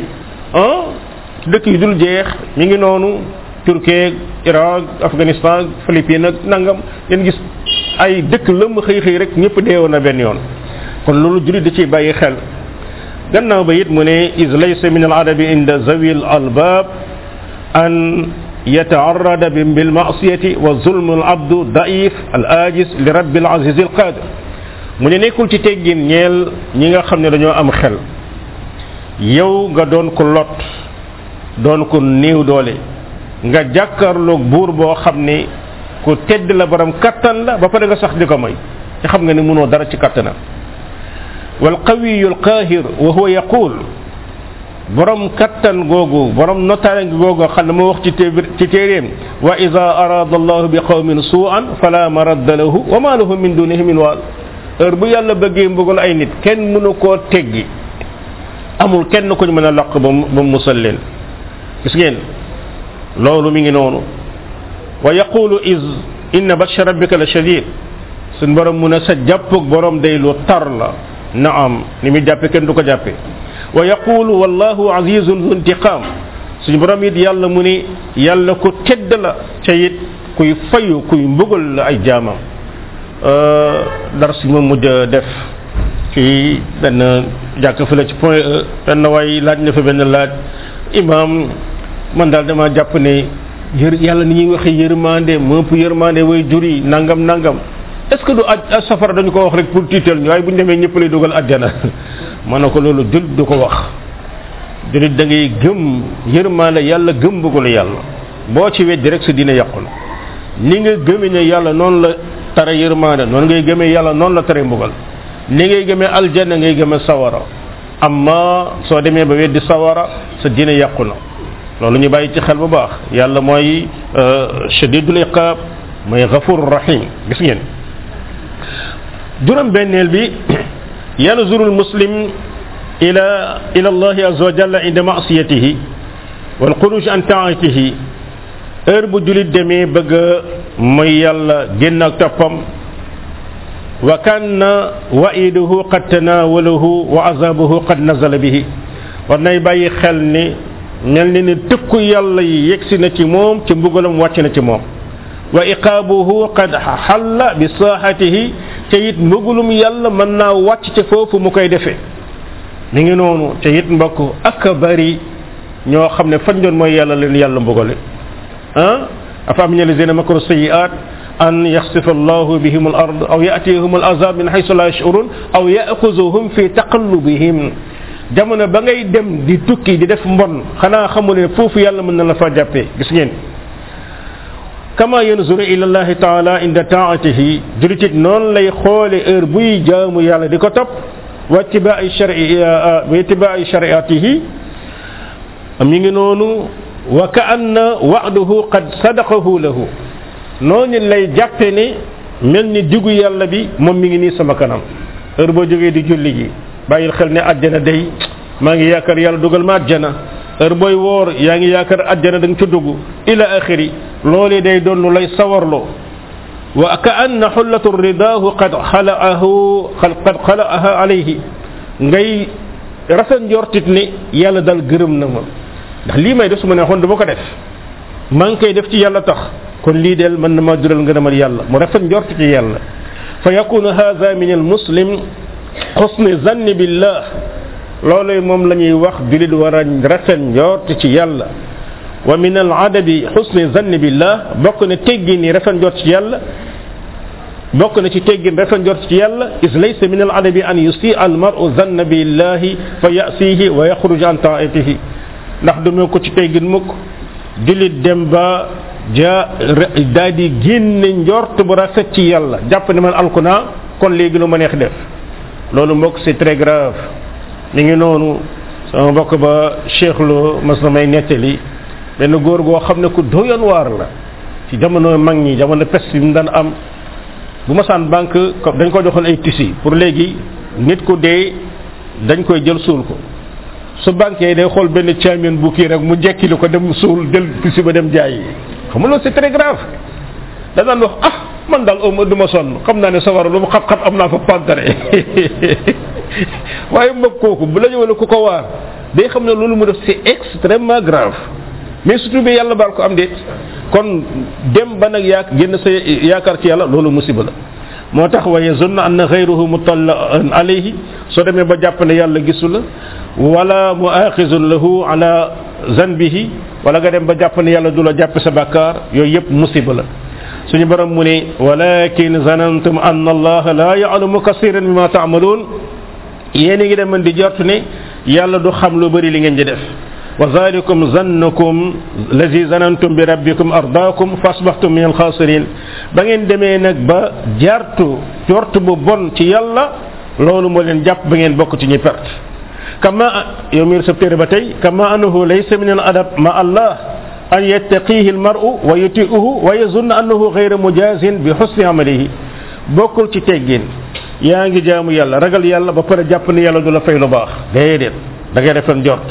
han dëkk yi dul jeex mi ngi nonu turquie iraq afghanistan philippine ak nangam ngeen gis ay dëkk leum xëy xëy rek ñëpp deewoon na ben yoon kon lolu julit di ci baye xel gannaaw ba yit mune iz laysa min al adabi inda zawi al albab an bil ma'siyati wa zulm al يتعرض بالمعصية وظلم العبد ضعيف الآجز aziz al qadir mu ne nekkul ci teggin ñeel ñi nga xam ne dañoo am xel yow nga doon ko lot doon ko néew doole nga jàkkaarloog buur boo xam ne ku tedd la borom kattan la ba pare nga sax di ko may te xam nga ne mënoo dara ci kattanam wal qawiyu al qahir wa huwa yaqul borom kattan googu borom notaangi googu xam na moo wax ci ci téeréem wa ida arada allahu bi qawmin suan fala maradda lahu wa ma lahum min dunihi min waal heure bu yàlla bëggee mbugal ay nit kenn mënu koo teggi amul kenn kuñ mën a laq ba mu ba leen gis loolu mi ngi noonu wa yaqulu is inna batsha rabbika la shadid suñ borom mu ne sa jàppug borom day lu tar la naam ni muy jàppe kenn du ko jàppe wa yaqulu wallahu azizun zu intiqam suñu borom it yàlla mu ni yàlla ku tedd la ca kuy fayu kuy mbugal la ay jaamam dara bi ma mujj def ci benn jàkk fële ci point e benn waay laaj na fa benn laaj imaam man daal dama jàpp ne yër yàlla ni ñuy waxee yërmande mëpp yërmande way jur yi nangam nangam est-ce que du aj safara dañu ko wax rek pour tiital ñu waaye bu ñu demee ñëpp lay dugal àjjana <laughs> ma ne ko loolu jullit du ko wax jullit da ngay gëm yërmande yàlla gëm bëggul yàlla boo ci weddi rek sa diine yàqu ni nga gëmi ne yàlla noonu la tare yermane non ngay gëmé yàlla non la tare mbugal ni ngay gëmé aljanna ngay gëmé sawara amma so demé ba weddi sawara sa dina yaquna lolou ñu bàyyi ci xel bu baax yàlla moy shadidul iqab moy ghafur rahim gis ngeen juróom benneel bi yalla zurul muslim ila ila allah azza wa jalla inda ma'siyatihi wal khuruj an ta'atihi heure bu julit demé bëgg mooy yàlla génn ak toppam wa kana waiduhu qad tanawalahu wa azabuhu qad nazala bihi war nay bàyyi xel ni mel ni ni tëkku yàlla yi yegsi na ci moom ci mbugalam wàcc na ci moom wa iqaabuhu qad xalla bi saaxatihi te it mbugulum yàlla mën naa wàcc ca foofu mu koy defe mi ngi noonu te it mbokk ak bari ñoo xam ne fañ doon mooy yàlla leen yàlla mbugale أفأمن مكر السيئات أن يخسف الله بهم الأرض أو يأتيهم العذاب من حيث لا يشعرون أو يأخذهم في تقلبهم جمعنا بغي دم دي توكي دي دف مبن خنا خمولي فوف يالا من الله فاجابي بسنين كما ينظر إلى الله تعالى عند تاعته جريتك نون لي خولي إربوي جام يالا دي كتب واتباع شرعياته أم ينغي نونو وكأن وعده قد صدقه له نون لي جاكتني ملني ديغو يالا بي موم ميغي ني سما كانام هر بو جوغي دي جولي جي بايل خل ني ادنا داي ماغي ياكر يالا دوغال ما ادنا هر بو وور ياغي ياكر ادنا دنج تو دوغو الى اخري لولي داي دون لاي صورلو وكأن حلة الرضا قد خلعه خل قد خلعها عليه غاي رسن جورتني يالا دال غرم نمو ndax lii may def su ma neexoon du ma ko def maa ngi koy def ci yàlla tax kon lii del mën na ma jural ngënamal yàlla mu rafet njort ci yàlla fa yakunu hadha min al muslim husni zanni billah loolu moom la ñuy wax julit war a rafet njort ci yàlla wa min al adabi husni zanni billah bokk na teggi ni rafet njort ci yàlla bokk na ci teggin rafet njort ci yàlla is laysa min al adabi an yusi al mar'u zanna billahi fa ya'sihi wa yakhruj an ta'atihi ndax demee ko ci tey gën mukk jullit dem ba ja daal di génne njort bu rafet ci yàlla jàpp ne man alku naa kon léegi lu ma neex def loolu mbokk c'est très grave mi ngi noonu sama mbokk ba Cheikh Lo mas may nettali benn góor goo xam ne ku doyoon waar la ci jamono mag ñi jamono pes bi mu daan am bu ma saan ko dañ ko joxoon ay tissu pour léegi nit ku dee dañ koy jël suul ko su banqué day xool benn camion bu kii rek mu jekkili ko dem suul jël pisi ba dem jaay xam nga loolu c'est da daan wax ah man daal au du ma sonn xam naa ne sawara lu mu xat-xat am naa fa pànkare <laughs> waaye mag kooku bu la ñëwee ku ko waar day xam ne loolu mu def c'est extrêmement grave mais su bi yàlla baal ko am déet kon dem ba nag yaa génn sa yaakaar ki yàlla loolu si ba la moo tax waaye zunna anna xayruhu mutalla'un alayhi soo demee ba jàpp yàlla gisu la ولا مؤاخذ له على ذنبه ولا غادم با جابني يالا دولا جاب سا يوي ييب مصيبه لا سوني بروم موني ولكن ظننتم ان الله لا يعلم كثيرا مما تعملون يني غي دمن دي جورتني يالا دو خام لو بري لي نغي ديف وذلكم ظنكم الذي ظننتم بربكم ارضاكم فاصبحتم من الخاسرين با نين ديمي نك با جارتو جورتو بو بون تي يالا لولو مولين جاب با نين بوكو تي ني perte كما يومير سبتير بتي كما أنه ليس من الأدب مع الله أن يتقيه المرء ويطيعه ويظن أنه غير مجاز بحسن عمله بكل تيتين يانجي جامو يالا رجل يالا بفر جابني يالا دولا فيل باخ دهيرين دهيرين فن جورت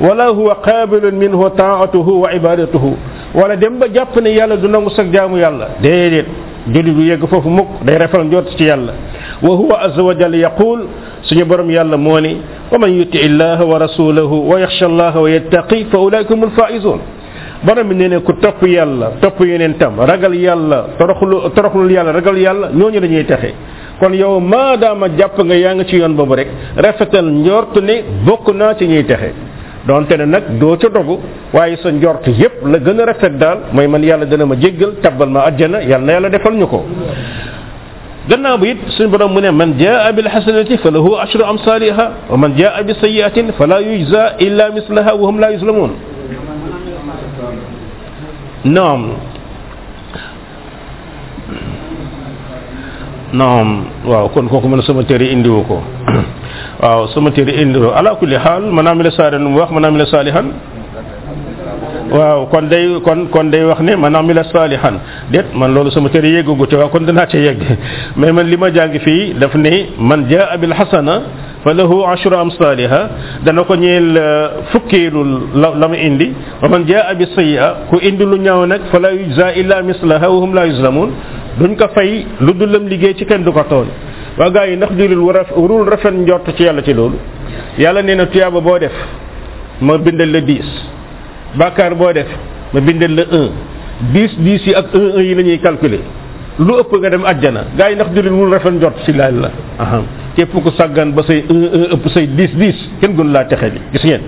ولا هو قابل منه طاعته وعبادته ولا دمب جابني يالا دولا مسك جامو يالا دهيرين julli du yegg foofu mukk day rafal njort ci yàlla wa huwa azza wa jalla yaqul suñu borom yàlla moo ni wa man yuti illaha wa rasulahu wa yaxsha allaha wa yattaqi fa ulaika humul faizun borom bi nee ne ku topp yàlla topp yeneen tam ragal yàlla toroxlu toroxlul yàlla ragal yàlla ñooñu dañuy texe kon yow maadaama jàpp nga yaa ngi ci yoon boobu rek rafetal njort ne bokk naa ci ñuy texe donte ne nag doo ca dogu waaye sa njort yépp la gën a rafet daal mooy man yàlla dana ma jéggal tabbal ma ajjana yàlla na yàlla defal ñu ko gannaaw bi it suñu borom mu ne man jaa bil xasanati fa lahu ashru amsaliha wa man jaa bi sayiatin fa la yujza illa mislaha wa hum la yuslamun naam naam waaw kon kooku man sama téere indiwu ko waaw sama téere indi ala kulli xaal man amila saalihan lu mu wax man amila saalihan waaw kon day kon kon day wax ne man amila saalihan déet man loolu sama téere yeggagu te waaw kon danaa ca yegg <laughs> mais man li ma jàng fii daf ne man jaa bil xasana fa lahu ashru amsaliha dana ko ñeel euh, fukkeelu la la mu indi wa man jaa bi sayia ku indi lu ñaaw nag fa la yujza illa mislaha wa hum la yuzlamun duñ ko fay lu dul lam liggéey ci kenn du ko toon waa gaa yi ndax jullit warul rafet njort ci yàlla ci loolu yàlla nee na tuyaaba boo def ma bindal la dix bàkkaar boo def ma bindal la un dix dix yi ak un un yi la ñuy calculer lu ëpp nga dem àjjana gaa yi ndax jullit wul rafet njort ci laal la aham képp ku sàggan ba say un un ëpp say dix dix kenn gën laa texe bi gis ngeen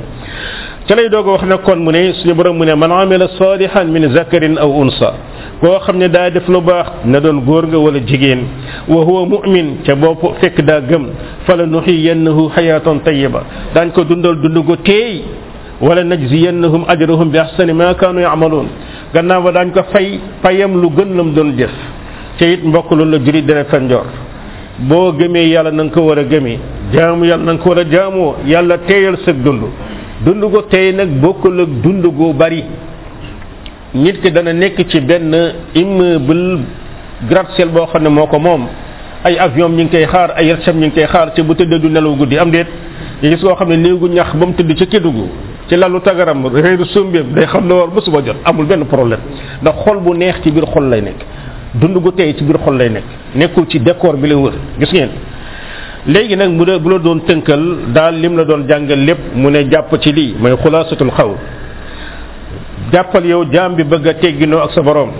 ca lay doog wax nag kon mu ne suñu borom mu ne man amila salihan min zakarin aw unsa koo xam ne daa def lu baax na doon góor nga wala jigéen wa huwa mu'min ca boobu fekk daa gëm fala nuxiyannahu xayaatan tayiba daañ ko dundal dund gu teey wala najziyannahum ajrahum bi ahsani ma kaanu ya'maluun gannaaw ba daañ ko fay payam lu gën lam doon def ca it mbokk loolu la juri dere fa njor boo gëmee yàlla na nga ko war a gëmee jaamu yàlla na nga ko war a jaamoo yàlla teeyal sëg dund dund gu teey nag bokkul ak dund bari nit ki dana nekk ci benn immeuble gratte-ciel boo xam ne moo ko moom ay avion ñu ngi koy xaar ay racham ñu ngi koy xaar te bu tëddee du nelaw guddi am déet nga gis koo xam ne néegu ñax ba mu tëdd ca Kédougou ci lalu tagaram réeru sumbeem day xam ne war ba suba jot amul benn problème ndax xol bu neex ci biir xol lay nekk dund gu tey ci biir xol lay nekk nekkul ci décor bi lay wër gis ngeen léegi nag bu dee bu la doon tënkal daal lim la doon jàngal lépp mu ne jàpp ci lii mooy xulaasatul xaw jappal yow jam bi bëgg téggino ak sa borom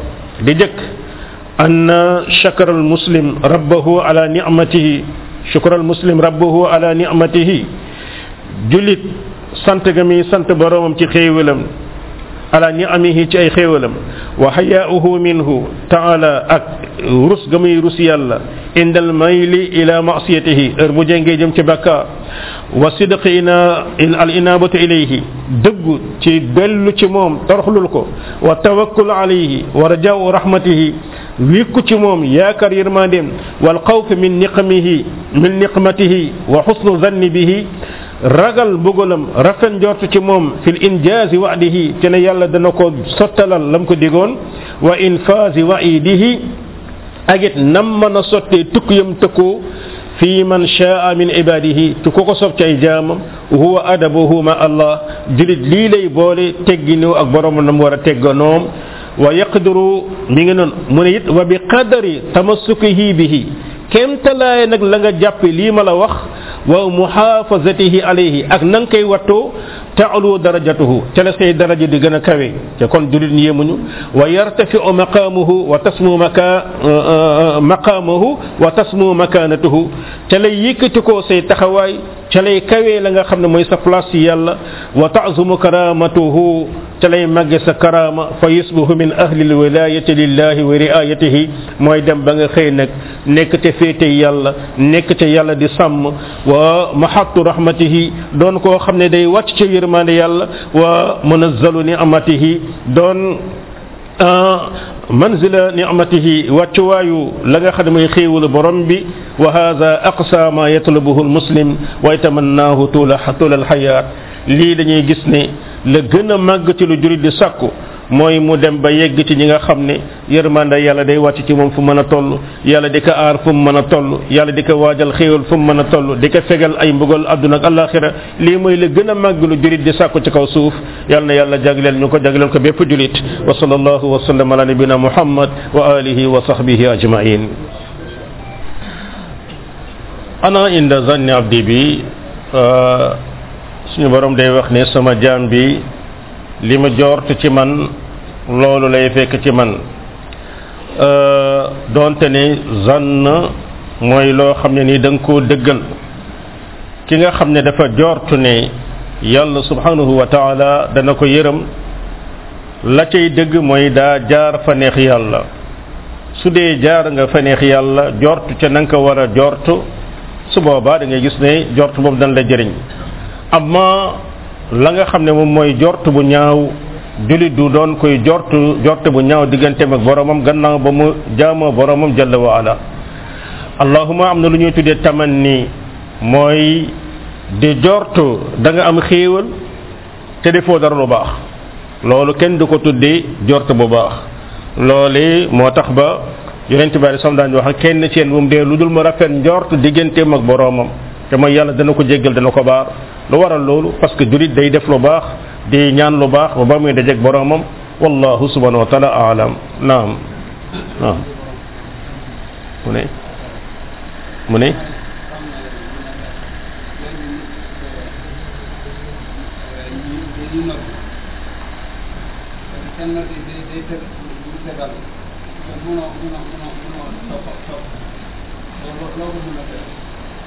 أن شكر المسلم ربه على نعمته شكر المسلم ربه على نعمته جلد سنت جمي سنت برومم تي خيولم على نعمه تي اي خيولم وحياؤه منه تعالى اك رس جمي رسي الله عند الميل الى معصيته ارمجن جي جم تي بكار wa sidqi ina al inabatu ilayhi dëggu ci dellu ci moom toroxlul ko wa tawakkul alayhi wa rajau rahmatihi wékku ci moom yaakaar yërmandeem wal xawf min niqmihi min niqmatihi wa xusnu zanni bihi ragal mbugalam rafet njort ci moom fil injaazi wa'dihi te ne yàlla dana ko sottalal lam ko digoon wa infaazi wa'idihi ak it nam mën a sottee tukk yam tëkkoo fi man shaa min ibadihi ci ku ko sob ci ay jaamam huwa adabuhu ma allah julit lii lay boole tegginoo ak borom nam war a tegganoom wa yaqduru mi ngi noonu mu ne it wa bi qadari tamassukihi bihi kemtalaaye nag la nga jàppe lii ma la wax wa muhaafazatihi alayhi ak na nga koy wattoo ta'lu darajatuhu ca la say daraja di gën a kawe te kon jullit ñi yéemuñu wa yartafi'u maqamuhu wa tasmu maka uh, uh, uh, maqamuhu wa tasmu makanatuhu ca lay yëkkati ko say taxawaay تلي كوي لغا خمنا ميسا فلاس يالا وتعظم كرامته تلي مجس كرامة فيصبح من أهل الولاية لله ورعايته مويدن بغا خينك نكت فيت يالا نكت يالا دي سم ومحط رحمته دون كو خمنا دي واتش يرمان يالا ومنزل نعمته دون آه منزل نعمته واتوايو لغا خدم يخيو البرم وهذا أقصى ما يطلبه المسلم ويتمناه طول حطول الحياة لي لنجي جسني لغن مغتل جريد ساكو mooy mu dem ba yegg ci ñi nga xam ne yërmande yàlla day wàcc ci moom fu mën a toll yàlla di aar fu mu mën a toll yàlla di ko waajal xéewal fu mu mën a toll di ko ay mbugal àdduna ak alaxira lii mooy la gën a màgg lu julit di sàkku ci kaw suuf yàlla na yàlla jagleel ñu ko jagleel ko bépp julit wa sallallahu wa sallam ala nabina muhammad wa alihi wa sahbihi ajmain ana inda zanni abdi bi ah, suñu borom day wax ne sama jaam bi li ma joort ci man loolu lay fekk ci man euh, doonte ni zann mooy loo xam ne ni danga koo dëggal ki nga xam ne dafa joortu ne yàlla subhanahu wa taala dana ko yërëm la cay dëgg mooy daa jaar fa neex yàlla su dee jaar nga fa neex yàlla jortu ca na ko war a joort su boobaa dangay gis ne jortu boobu dañ la jëriñ amma la nga xam ne moom mooy jort bu ñaaw jullit du doon koy jort jort bu ñaaw digganteem ak boromam gannaaw ba mu jaamoo boromam jalla wa ala allahuma am na lu ñuy taman nii mooy di jort danga am xéewal te defoo dara lu baax loolu kenn du ko tuddee jort bu baax loolu moo tax ba yonent bi sallallahu alayhi wasallam daan wax kenn ci yéen bu mu dee lu dul ma rafet njort digganteem ak boroomam te mooy yàlla dana ko jéggal dana ko baar lu waral loolu parce que julit day def lu baax di ñaan lu baax ba ba muy dajeeg boromam wallahu subhanahu wa taala alam naam naam mu ne mu ne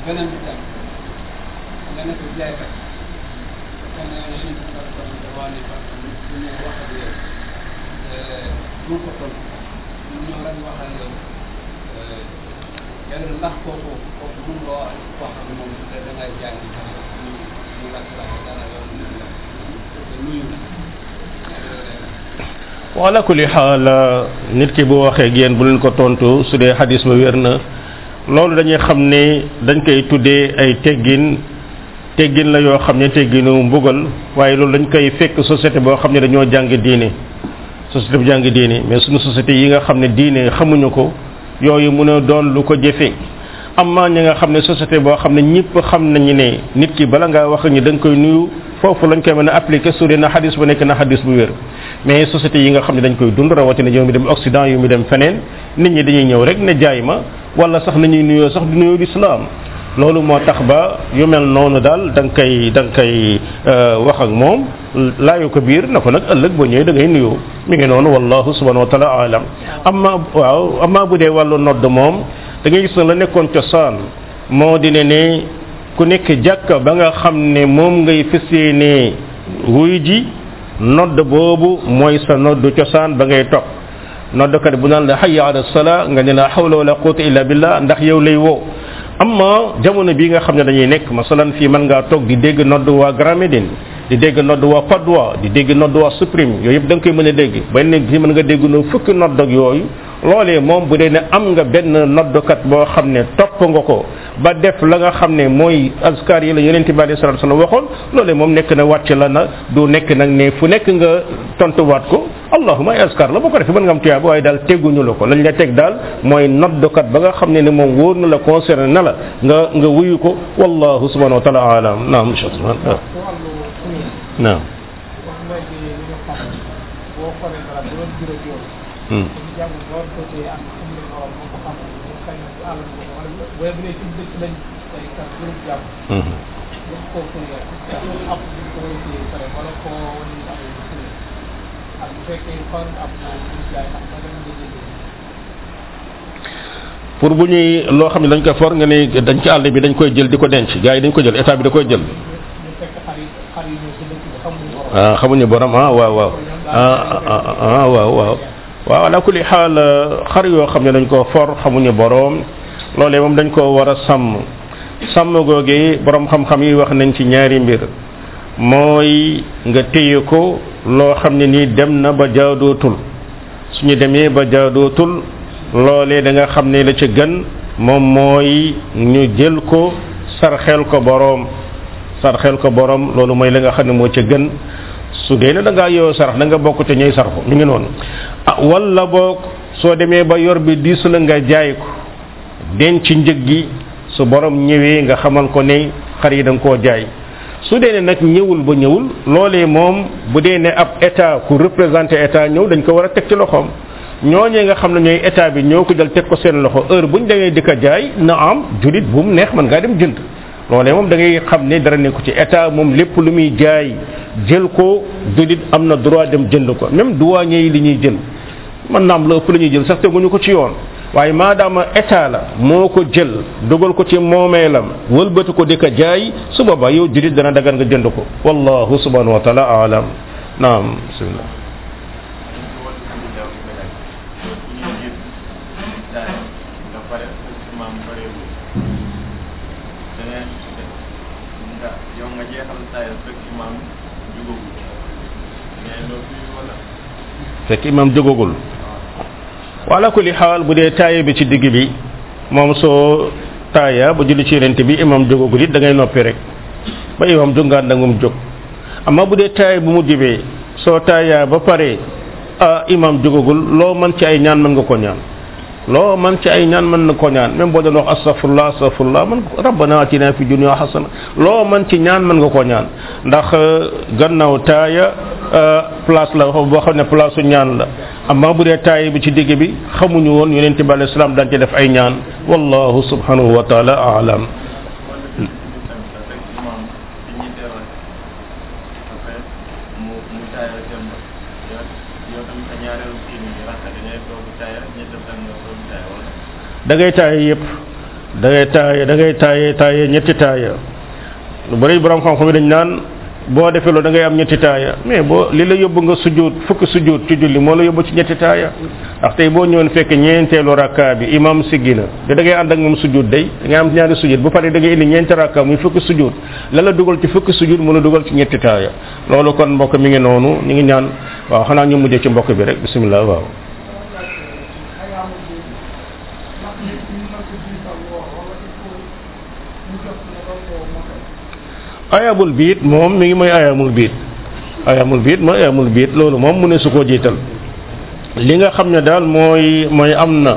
غنم بتاعي غنم ازاي بقى كان عايشين في فترة من الدواني فترة من الدنيا آه، واحد منفصل من أراد واحد يعني الله خوف خوف من الله واحد من المستدنا wala kulli xaal nit ki bu waxee ak bu leen ko tontu su dee xadis ba loolu dañuy xam ne dañ koy tuddee ay teggin teggin la yoo xam ne tegginu mbugal waaye loolu dañ koy fekk société boo xam ne dañoo jàng diine société bu jàng diine mais suñu société yi nga xam ne diine xamuñu ko yooyu mun a doon lu ko jëfe amma ñi nga xam ne société boo xam ne ñëpp xam nañu ne nit ki bala ngaa wax ñi dañ nga koy nuyu foofu lañ koy mën a appliquer su dee na xadis bu nekk na xadis bu wér mais société yi nga xam ne dañ koy dund rawatina yow mi dem Occident yu mu dem feneen nit ñi dañuy ñëw rek ne jaay ma wala sax nañuy nuyoo sax du nuyoo lislaam loolu moo tax ba yu mel noonu daal da nga koy da nga koy euh, wax ak moom laayu ko biir na ko nag ëllëg boo ñëwee dangay nuyoo mi ngi noonu wallahu subhanahu wa taala alam amma waaw amma bu dee wàllu nodd moom dangay ngay gis na la nekkoon cosaan moo di ne ne ku nekk jàkka ba nga xam ne moom ngay fas yéenee wuy ji nodd boobu mooy sa nodd cosaan ba ngay topp نودكات بنان لا حي على الصلاة نغني لا حول ولا قوة إلا بالله ندخ يو لي وو أما جمونا بيغا خمنا دانيي نك مثلا في من غا توك دي ديغ نودو وا غرامي دين دي ديغ نودو وا فدوا دي ديغ نودو وا سوبريم يو يب دانكي مني ديغ بني بي من غا ديغ نو فك نودو يوي loolee moom bu dee ne am nga benn noddukat boo xam ne topp nga ko ba def la nga xam ne mooy askar yi la yonente bi alayhi salatu wasallam waxoon loolee moom nekk na wàcc la na du nekk nag ne fu nekk nga tontuwaat ko allahuma ay askar la boo ko defee mën nga am tuyaaba waaye daal tegguñu la ko lañ la teg daal mooy noddukat ba nga xam ne ne moom wóor na la concerné na la nga nga wuyu ko wallahu subhanahu wa taala alam naam naam jàng boo ko cee am xam ne moom moo ko xam xëy na ci àll bi wala wala bu ne ci dëkk lañ day kat groupe jàmm. dañ koo kuréel ak ñu ko cee pare wala koo wane ni amee lu kuréel ak bu fekkee xaw na am naa lu jaay ndax ba dem nga jëndee. pour bu ñuy loo xam ne dañ ko for nga ni dañ ci àll bi dañ koy jël di ko denc gars yi dañ ko jël état bi da koy jël. ah xamuñu borom ah waaw waaw ah ah, ah, ah waaw waaw. waaw ala kulli xaal euh, xar yoo xam ne dañ koo for xamuñu boroom loolee moom dañ koo war a sàmm sàmm googu boroom xam-xam yi wax nañ ci ñaari mbir mooy nga téye ko loo xam ne nii dem na ba jaadootul suñu demee ba jaadootul loolee da nga xam ne la ca gën moom mooy ñu jël ko sarxel ko boroom sarxel ko boroom loolu mooy la nga xam ne moo ca gën su dee ne da ngaa yow sarax da nga bokk ca ñooy saraxu mi ngi noonu ah wala boog soo demee ba yor bi diisu la nga jaay ko denc njëg gi su borom ñëwee nga xamal ko ne xar yi da nga koo jaay su dee nag ñëwul ba ñëwul loolee moom bu dee ne ab état ku représenter état ñëw dañ ko war a teg ci loxoom ñoo ñooñee nga xam ne ñooy état bi ñoo ko jël teg ko seen loxo heure buñ demee di ko jaay na am julit bu mu neex mën ngaa dem jënd loolee moom da ngay xam ne dara nekku ci état moom lépp lu muy jaay jël ko jullit am na droit dem jënd ko même douanier yi li ñuy jël man naam la ëpp la ñuy jël sax teguñu ko ci yoon waaye maadaama état la moo ko jël dugal ko ci moo moomeelam wëlbati ko di ko jaay su boobaa yow jullit dana dagan nga jënd ko wallahu subhanahu wa taala alam naam bismillah fekk imam jógagul wala kulli xaal bu dee taaye bi ci digg bi moom soo taaya ba julli ci yonent bi imam jógagul it da ngay noppi rek ba imam jóg ngaan da jóg amma bu dee taaya bu mu bi soo taaya ba pare ah imam jógagul loo mën ci ay ñaan mën nga ko ñaan lo man ci ay ñaan man ko ñaan même bo do wax astaghfirullah astaghfirullah man rabbana atina fi dunya hasana lo man ci ñaan man nga ko ñaan ndax euh, gannaaw taaya euh, place la bo xamne place ñaan la amma bu de taay bi ci digge bi xamuñu won yonent bi alayhi salam dañ ci def ay ñaan wallahu subhanahu wa ta'ala a'lam da ngay tayé yépp da ngay tayé da ngay taaye taaye ñetti tayé lu bari borom xam-xam dañ naan boo defee loolu da ngay am ñetti taaya mais boo li la yóbbu nga sujjóot fukki sujjóot ci julli moo la yóbbu ci ñetti taaya ndax tey boo ñëwoon fekk ñeenteelu rakka bi imam siggi na te da ngay ànd ak moom sujjóot day da ngay am ñaari sujjóot bu pare dangay ngay indi ñeenti rakka muy fukki sujjóot la la dugal ci fukki sujjóot mu la dugal ci ñetti taaya loolu kon mbokk mi ngi noonu ñu ngi ñaan waaw xanaa ñu mujjee ci mbokk bi rek bisimilah waaw ayamul biit moom mi ngi mooy ayamul biit ayamul biit mooy ayamul biit loolu moom mu ne su koo jiital li nga xam ne daal mooy mooy am na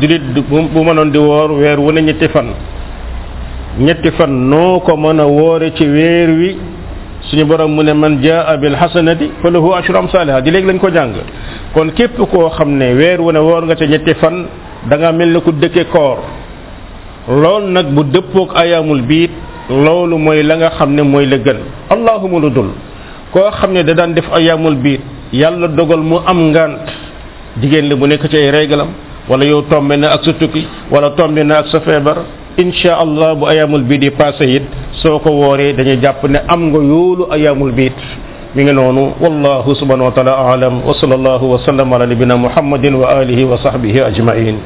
jullit bu mënoon di woor weer wu ne ñetti fan ñetti fan noo ko mën a woore ci weer wi suñu borom mu ne man jaa bil hasanati fa lahu ashru amsaliha di léegi lañ ko jàng kon képp koo xam ne weer wu ne woor nga ca ñetti fan danga mel ni ku dëkke koor loolu nag bu dëppook ayamul biit loolu mooy la nga xam ne mooy la gën allahuma lu dul koo xam ne da daan def ayaamul biir yàlla dogal mu am ngant jigéen la bu nekk ci ay réglam wala yow tombe na ak sa tukki wala tombe na ak sa feebar insha allah bu ayaamul biir yi passé it soo ko wooree dañuy jàpp ne am nga yoolu ayaamul biir mi ngi noonu wallahu subhanahu wa taala alam wa sallallahu wa sallam ala nabina muhammadin wa alihi wa sahbihi ajmain